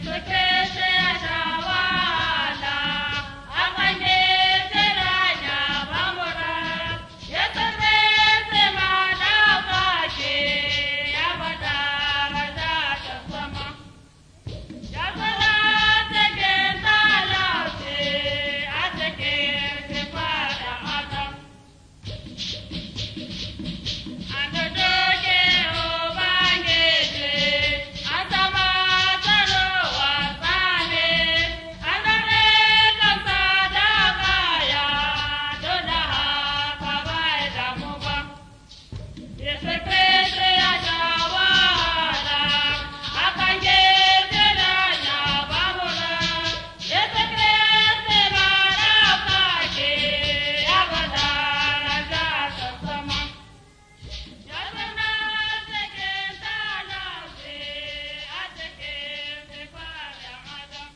That's like that.